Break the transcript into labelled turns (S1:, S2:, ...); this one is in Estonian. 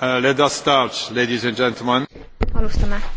S1: Uh,
S2: alustame